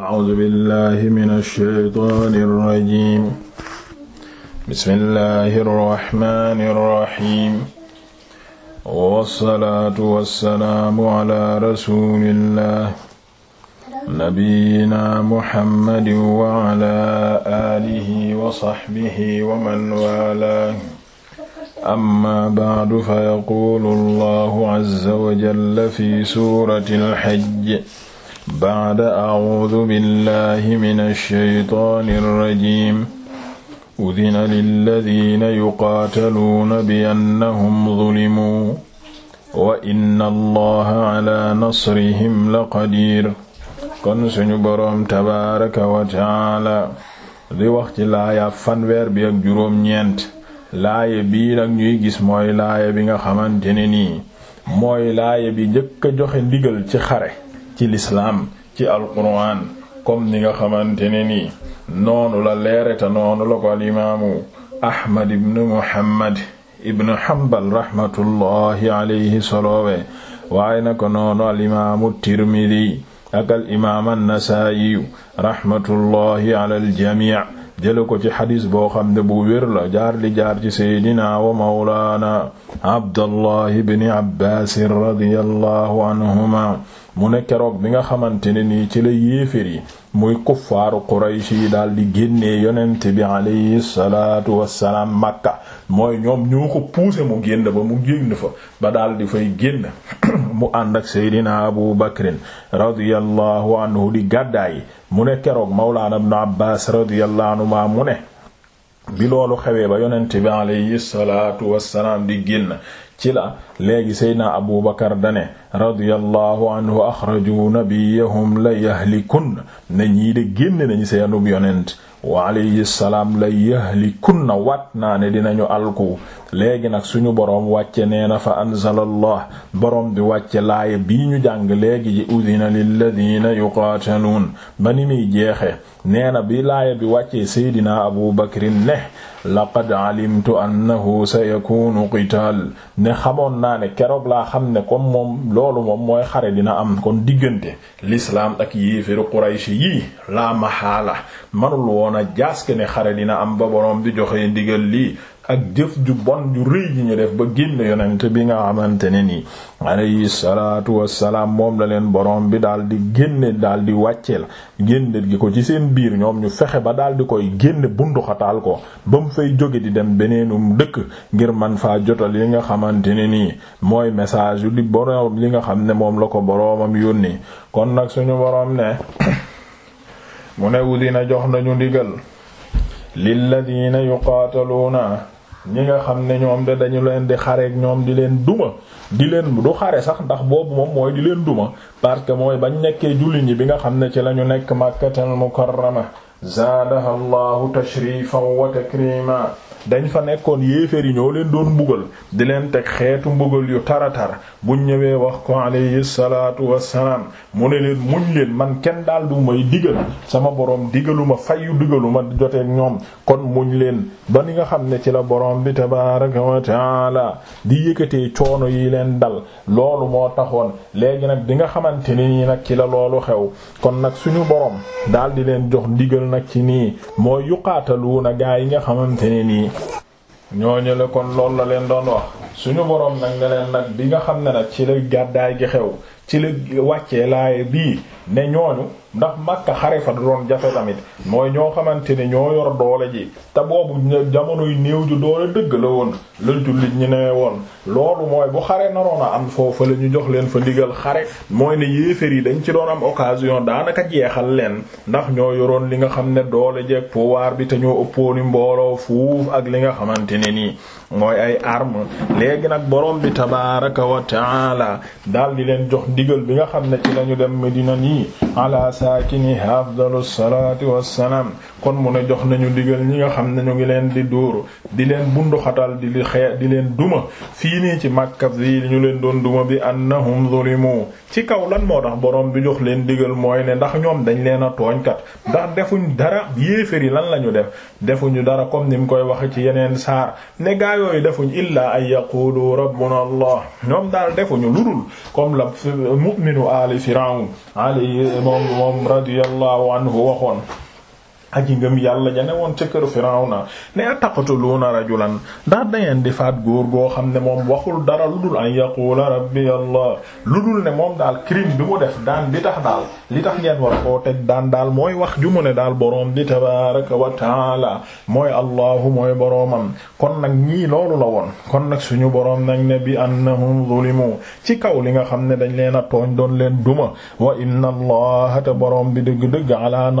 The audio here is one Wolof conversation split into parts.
A'uuzu billahi mina shaytaani rajiim. Bismillahi rahmaani rahiim. Wassalaatu wassalaamu ala rasuulillah. Nabiyyina Muhammadin wa ala aalihi wa sahbihi wa man waalaahu. Amma ba'du fa yaquulu Allahu azza wa jalla fi suuratil hajj. bacda acuudu billahi min alshaytaani alrajim udina lilladina yuqaataluuna bi annahum zulimuu wa inna allaha ala nasrihim la qadiir kon suñu boroom tabaaraka wa taala di wax ci laaya fanweer bi ak juróom-ñeent laaya bii nag ñuy gis mooy laaya bi nga xamante ne nii mooy laaya bi njëkk a joxe ndigal ci xare ci lislaam ci alquran comme ni nga xamante ne nii noonu la leere te noonu la ko al imaamu ahmad ibnu muhammad ibnu hanbal rahmatullahi alayhi solowee waaye na ko noonu al imaamu tirmidi ak al imaam annasaayiyu rahmatullahi ala aljamii jële ko ci xadis boo xam ne bu wér la jaar li jaar ci seydina wa mawlaana abdallahi bni abbaasin radiyallahu anhuma mu ne keroog bi nga xamante ne nii ci la yéefér yi muy kuffaaru Quraysh yi daal di génnee yonent bi alayhi salaatu wassalaam Makka mooy ñoom ñoo ko mu génn ba mu génn fa ba daal di fay génn mu ànd ak Abu Bakrin radiyallahu anhu di gàddaay mu ne keroog Mawlaana Ibn Abbaas radiyallahu anhuma mu ne bi loolu xewee ba yonent bi alayhi salaatu wassalaam di génn ci la léegi seydna abu bakar dane radiyallahu anhu axraju nabiyahum la yahlikun ne ñii de génn nañu seenub yonent wa alayhi salaam la yahlikunna waat naa ne dinañu alku léegi nag suñu borom wàcce nee na fa anzalallah borom bi wàcce laaya bii ñu jàng léegi ji udina lilladina yuqaataluun ba ni muy jeexe nee na bi laaya bi wàccee seydina abu bakrin ne laqad alimtu annahu sayakunu qitaal ne xamoon naa ne keroog laa xam ne comme moom loolu moom mooy xare dina am kon diggante lislaam ak yéeféru qurayshi yii laa manul woon amoon a jaaske ne xare dina am ba borom bi joxe ndigal lii ak jëf ju bon ju rëy ji ñu def ba génn yonent bi nga xamante ne nii alayhi salaatu wassalaam moom la leen boroom bi daal di génne daal di wàcceel génne gi ko ci seen biir ñoom ñu fexe ba daal di koy génne bunduxataal ko ba mu fay jóge di dem beneenum dëkk ngir man faa jotal li nga xamante ne nii mooy message yu di borom li nga xam ne moom la ko boromam yónnee kon nag suñu borom ne mu ne udina jox nañu ndigal lilladina yuqaataluuna ñi nga xam ne ñoom de dañu leen di xareek ñoom di leen duma di leen du xare sax ndax boobu moom mooy di leen duma parce que mooy bañ nekkee julli ñi bi nga xam ne ci lañu nekk màkkatal mukarrama zaadaha allahu tashrifan wa takrima dañ fa nekkoon yéeféer yi ñoo leen doon mbugal di leen teg xeetu mbugal yu tara taratar buñ ñëwee wax ko alayhi salaatu wassalaam mu ne leen muñ leen man kenn daal du may digal sama borom digaluma fayu digaluma joteeg ñoom kon muñ leen ba ni nga xam ne ci la borom bi tabaaraka wa taala di yëkkatee coono yi leen dal loolu moo taxoon léegi nag di nga xamante ne nii nag ci la loolu xew kon nag suñu borom daal di leen jox digal nag ci nii mooy yuqaataluuna gaa yi nga xamante ne nii nii ñooñu la kon loolu la leen doon wax suñu boroom nag ne nag bi nga xam ne nag ci la gàddaay gi xew ci la wàcce laay bii ne ñooñu ndax Makka xare fa doon jafe tamit mooy ñoo xamante ne ñoo yor doole ji te boobu jamonoy néew ju doole dëgg la woon la jullit ñi ne woon loolu mooy bu xare naroon a am foofu la ñu jox leen fa ndigal xare mooy ne yéefér dañ ci doon am occasion daanaka jeexal leen ndax ñoo yoroon li nga xam ne doole jeeg pouvoir bi te ñoo ëppooni mbooloo fuuf ak li nga xamante ne nii mooy ay arme léegi nag borom bi tabaraka wa taala daal di leen jox ndigal bi nga xam ne ci dem Medina nii ala saakiniha afdalu salaati wassalaam kon mu ne jox nañu digal ñi nga xam ne ñu ngi leen di dóor di leen bunduxatal di li xee di leen duma fii nii ci Makka yi ñu leen doon duma bi annahum zulimu ci kaw lan moo tax boroom bi jox leen digal mooy ne ndax ñoom dañ leen a tooñkat ndax defuñ dara yéefér yi lan la ñu def defuñu dara comme ni mu koy waxe ci yeneen saar ne gaa yooyu defuñ illaa an yaqulu rabbuna allah ñoom daal defuñu ludul comme la mu'minu ali firawn ali ñoom radiyallahu anhu waxoon aji ngëm yàlla ja ne woon ca kër Firawna ne taqtuluuna rajulan ndax dangeen di faat góor goo xam ne moom waxul dara lu dul an yaqula rabbi allah lu dul ne moom daal crime bi mu def daan bi tax daal li tax ngeen war koo teg daan daal mooy wax ju ne daal boroom di tabaraka wa taala mooy allahu mooy boroomam kon nag ñii loolu la woon kon nag suñu boroom nag ne bi annahum zulimu ci kaw li nga xam ne dañ leen a tooñ doon leen duma wa inna allaha te bi dëgg-dëgg ala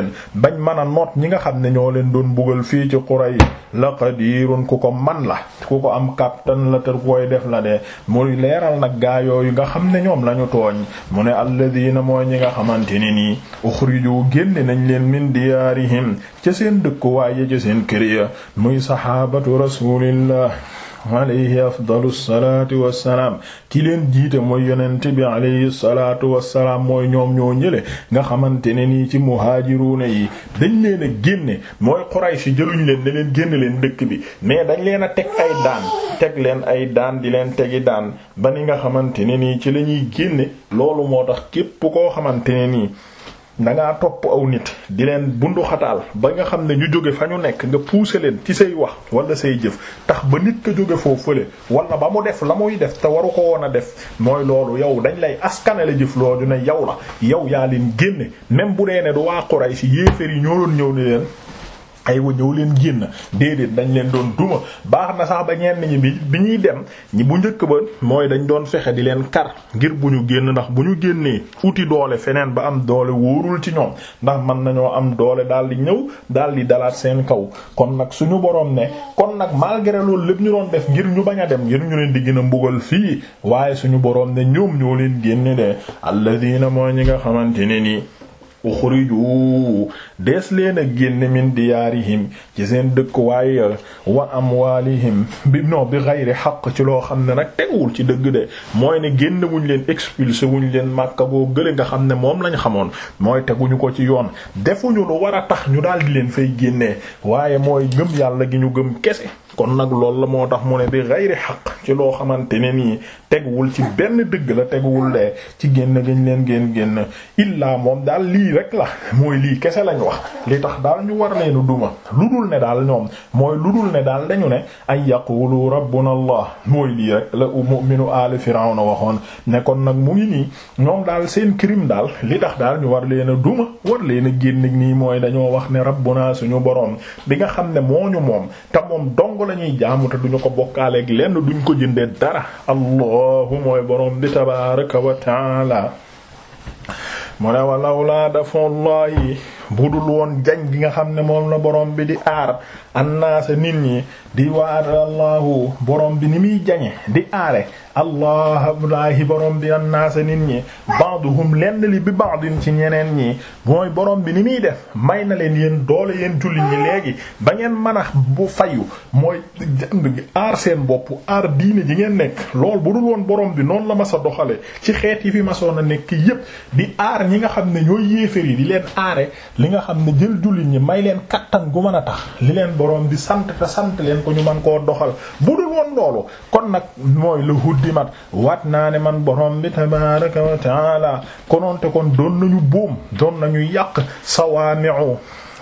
leen bañ mën a noot ñi nga xam ne ñoo leen doon bugal fii ci Quraysh la qadirun ku ko man la ku ko am kàttan la te koy def la de muy leeral nag gaa yooyu nga xam ne ñoom la ñu tooñ mu ne alladina mooy ñi nga xamante ne nii uxriju génne nañ leen min diyaarihim ca seen dëkkuwaay ya ca seen kër ya muy sahabatu rasulillah alayhi afdalu salaatu wassalaam ki leen jiite mooy yonent bi alayhi salaatu wassalaam mooy ñoom ñoo ñële nga xamante ne nii ci muhaajiruuna yi dañ leen a génne mooy Quraysh jëluñ leen ne leen génn leen dëkk bi mais dañu leen a teg ay daan teg leen ay daan di leen tegi daan ba ni nga xamante ne nii ci la ñuy génne loolu moo tax képp koo xamante ne nii na ngaa topp aw nit di leen bunduxataal ba nga xam ne ñu jóge fa ñu nekk nga pousser leen ci say wax wala say jëf tax ba nit ka jóge foofu fële wala ba mu def la muy def te waru ko woon a def mooy loolu yow dañ lay askanale jëf loolu ne yow la yow yaa leen génne même bu dee ne du waa Quraysh yéeféer yi ñoo doon ñëw ni leen aywa ñëw leen génn déedéet dañ leen doon duma baax na sax ba ñenn ñi bi bi ñuy dem ñi bu njëkk ba mooy dañ doon fexe di leen kar ngir bu ñu génn ndax bu ñu génnee uti doole feneen ba am doole wóorul ci ñoom ndax mën nañoo am doole daal di ñëw daal di dalaat seen kaw kon nag suñu boroom ne kon nag malgré loolu ñu doon def ngir ñu bañ a dem ngir ñu leen di gën a mbugal fii waaye suñu borom ne ñoom ñoo leen génne de alladina mooy ñi nga xamante uxriju des leen a génn min diyaarihim ci seen dëkkuwaay wa am amwaalihim bi non bi xayri xaq ci loo xam ne nag teguwul ci dëgg de mooy ne génn wuñ leen expulsé wuñ leen màkka boo gële nga xam ne moom lañ xamoon mooy teguñu ko ci yoon defuñu lu war a tax ñu daal di leen fay génnee waaye mooy gëm yàlla gi ñu gëm kese kon nag loolu la moo tax mu ne bi xayri xaq ci loo xamante ne nii teguwul ci benn dëgg la teguwul de ci génn gañ leen génn génn lii rek la mooy lii kese lañ wax li tax daal ñu war leenu duma lu dul ne daal ñoom mooy lu dul ne daal dañu ne ay yaqulu rabbuna allah mooy lii rek la mu'minu aali firawna waxoon ne kon nag mu ngi nii ñoom daal seen crime daal li tax daal ñu war leen a duma war leen a génn nii mooy dañoo wax ne rabbuna suñu boroom bi nga xam ne moo ñu moom te moom dong lañuy ñuy jaamu te duñu ko bokkaaleeg lenn duñ ko jëndee dara allahu mooy borom bi tabaraka wa mu ne wa lawlaa daf'u llaahi dul woon jañ gi nga xam ne moom la borom bi di aar annaasa nit ñi di waar allahu borom bi ni muy jañe di aare allah laahi borom bi annaasa nit ñi ba'duhum lenn li bi ba'din ci ñeneen ñi mooy borom bi ni muy def may na leen yéen doole yéen jullit ñi léegi ba ngeen mën a bu fayu mooy jàng gi aar seen bopp aar diine ji ngeen nekk lool budul woon borom bi noonu la ma sa doxale ci xeet yi fi masoon a nekk yépp di aar ñi nga xam ne ñooy yéefér yi di leen li nga xam ne jël jullit ñi may leen kattan gu mën a tax li leen boroom bi sant te sant leen ko ñu man koo doxal bu dul woon loolu kon nag mooy la mat wat naa ne man borom bi tabaraka wa taala konoonte kon doon nañu buum doon nañu yàq sawaami'u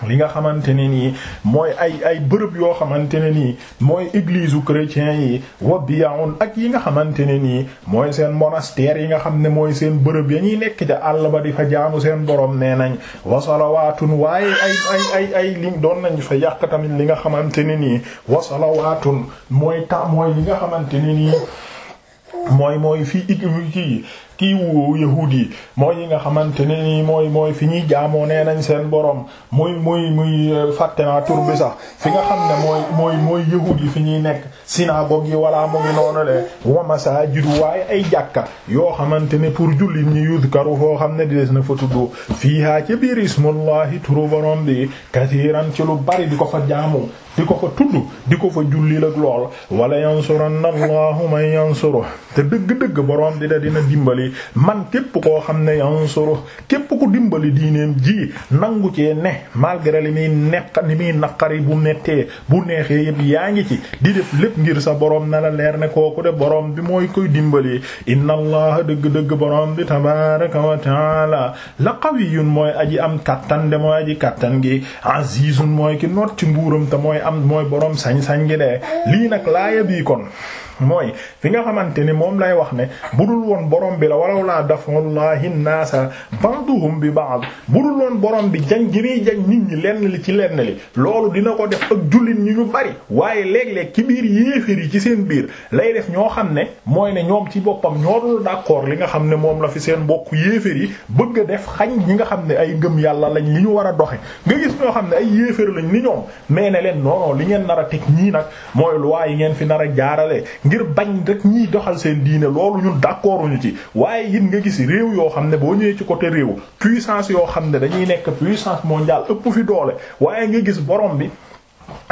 li nga xamante ne nii mooy ay ay bërëb yoo xamante ne nii mooy église u chrétiens yi wa biyaun ak yi nga xamante ne nii mooy seen monastère yi nga xam ne mooy seen bërëb ya ñuy nekk ca àll ba di fa jaamu seen borom nee nañ wa salawaatun waaye ay ay ay li doon nañ fa yàq tamit li nga xamante ne nii wa salawaatun mooy ta mooy li nga xamante ni nii mooy mooy fii i kii kii wu yahuud yi mooy yi nga xamante ne mooy mooy fi ñuy jaamoo nee nañ seen borom muy muy muy euh, fàtte naa tur bi sax fi nga xam ne mooy mooy mooy yahuud fi ñuy nekk synagogue yi wala mu ngi noonu le wa masaajidu waaye ay jàkka yoo xamante ne pour jullit ñi yudkaru foo xam ne des na fa tudd fiihaa ca biir ismullahi turu borom bi kasiiran ci lu bari di ko fa jaamu di ko fa tudd di ko fa julli lak lool wala yansuranna allahu man te dëgg-dëgg borom di da dina dimbali man képp koo xam ne yansuru képp ku dimbali diineem ji nangu cee ne malgré li muy nekk mi muy naqari bu nettee bu neexee yëpp yaa ngi ci di def lépp ngir sa borom nala leer ne kooku de boroom bi mooy koy dimbali inna dëgg-dëgg borom bi tabaraka wa taala la qawiyyun mooy aji am kattan de mooy aji kattan gi azizun mooy ki noot ci nguuram te mooy am mooy borom sañ-sañ gi de lii nag laaya bii kon mooy fi nga xamante ne moom lay wax ne bu budul woon borom bi la walaw laa daf'ullahi naasa ba'duhum bi ba'd budul woon borom bi jañ gi muy jañ nit ñi lenn li ci lenn li loolu dina ko def ak jullit ñi ñu bari waaye léeg-léeg ci biir yéeféer yi ci seen biir lay def ñoo xam ne mooy ne ñoom ci boppam ñoo dul d'accord li nga xam ne moom la fi seen mbokk yéeféer yi bëgg a def xañ ñi nga xam ne ay gëm yàlla lañ li ñu war a doxe nga gis ñoo xam ne ay yéeféer lañ ni ñoom mais ne leen li ngeen nar a nag mooy loi ngeen fi nar a jaarale ngir bañ rek ñiy doxal seen diine loolu ñun d'accorduñu ci waaye it nga gis réew yoo xam ne boo ñëwee ci côté réew puissance yoo xam ne dañuy nekk puissance mondiale ëpp fi doole waaye nga gis borom bi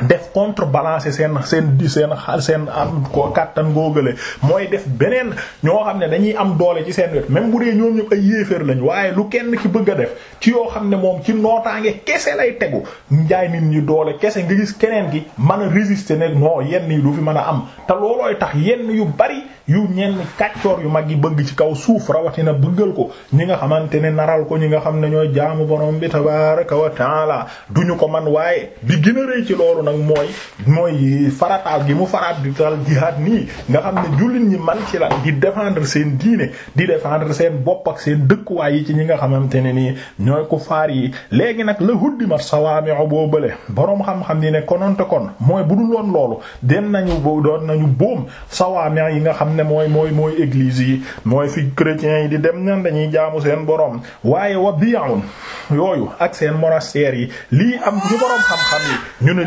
def contrebalancer seen seen di seen xar seen am ko kàttan góogale mooy def beneen ñoo xam ne dañuy am doole ci seen wet même bu dee ñoom ñëpp ay yéeféer lañ waaye lu kenn ki bëgg a def ci yoo xam ne moom ci nootaange kese lay tegu njaay nit ñi doole kese nga gis keneen gi man a résister ne non yenn yi du fi mën a am te loolooy tax yenn yu bari yu ñenn kàccoor yu mag yi bëgg ci kaw suuf rawatina bëggal ko ñi nga xamante ne naral ko ñi nga xam ne ñooy jaamu borom bi tabaaraka wa taala duñu ko man loolu nag mooy mooy farataal gi mu farataal jihaad nii nga xam ne jullit ñi man ci lan di défendre seen diine di défendre seen bopp ak seen dëkkuwaay yi ci ñi nga xamante ne nii ñooy ku faar yi léegi nag la huddimat sawaami'u boo bële boroom xam-xam ne kononte kon mooy bu dul woon loolu dem nañu boo doon nañu boom sawaami' yi nga xam ne mooy mooy mooy église yi mooy fi chrétiens yi di dem nan dañuy jaamu seen boroom waaye wa bi'un yooyu ak seen monastères yi lii am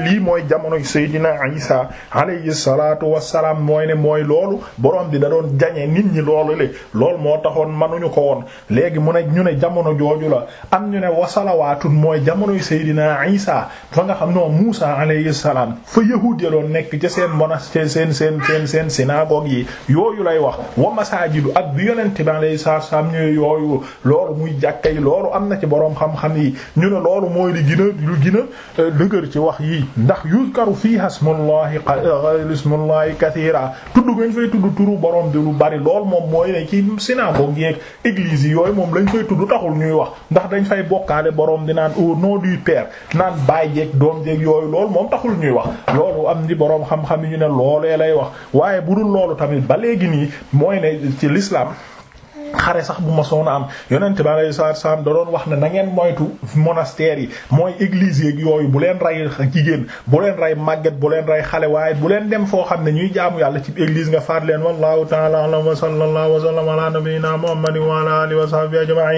lii mooy jamono Seydina Isa alayhi salaatu wassalaam mooy ne mooy loolu borom bi da doon jañe nit ñi loolu le loolu moo taxoon manuñu ko woon léegi mu ne ñu ne jamono jooju la am ñu ne wasalawaatun mooy jamonoy Seydina Isa fa nga xam noo Muusa alayhi salaam fa yahuud ya doon nekk ca seen monastère seen seen seen seen synagogue yi yooyu lay wax wa masaajidu ak bi yonent bi alayhi salaam ñu yooyu loolu muy jàkka yi loolu am na ci boroom xam-xam yi ñu ne loolu mooy li gën lu gën a euh, ci wax yi ndax yuzkaru fiiha ismullahi eh, ismullahi kathira tudd gañ fay tudd turu borom bi lu bari lool moom mooy ne ci synagogue yeek église yi yooyu moom lañu fay tudd taxul ñuy wax ndax dañ fay bokkaale boroom di naan au nom du per naan baay jeeg doom jeeg yooyu loolu moom taxul ñuy wax loolu am ni boroom xam-xam ne loolee lay wax waaye bu dul loolu tamit ba léegi nii mooy ne ci lislaam xare sax bu ma soon am yonent bi alayhi salaatu salaam wax na ngeen moytu monastères yi mooy église yeeg yooyu bu leen jigéen bu leen rey màgget bu xale waaye bu dem foo xam ne ñuy jaamu yàlla ci église nga faat leen wallahu ta'ala a'lam wa sallallahu wa sallama ala nabiyyina muhammadin wa ala alihi wa sahbihi ajma'in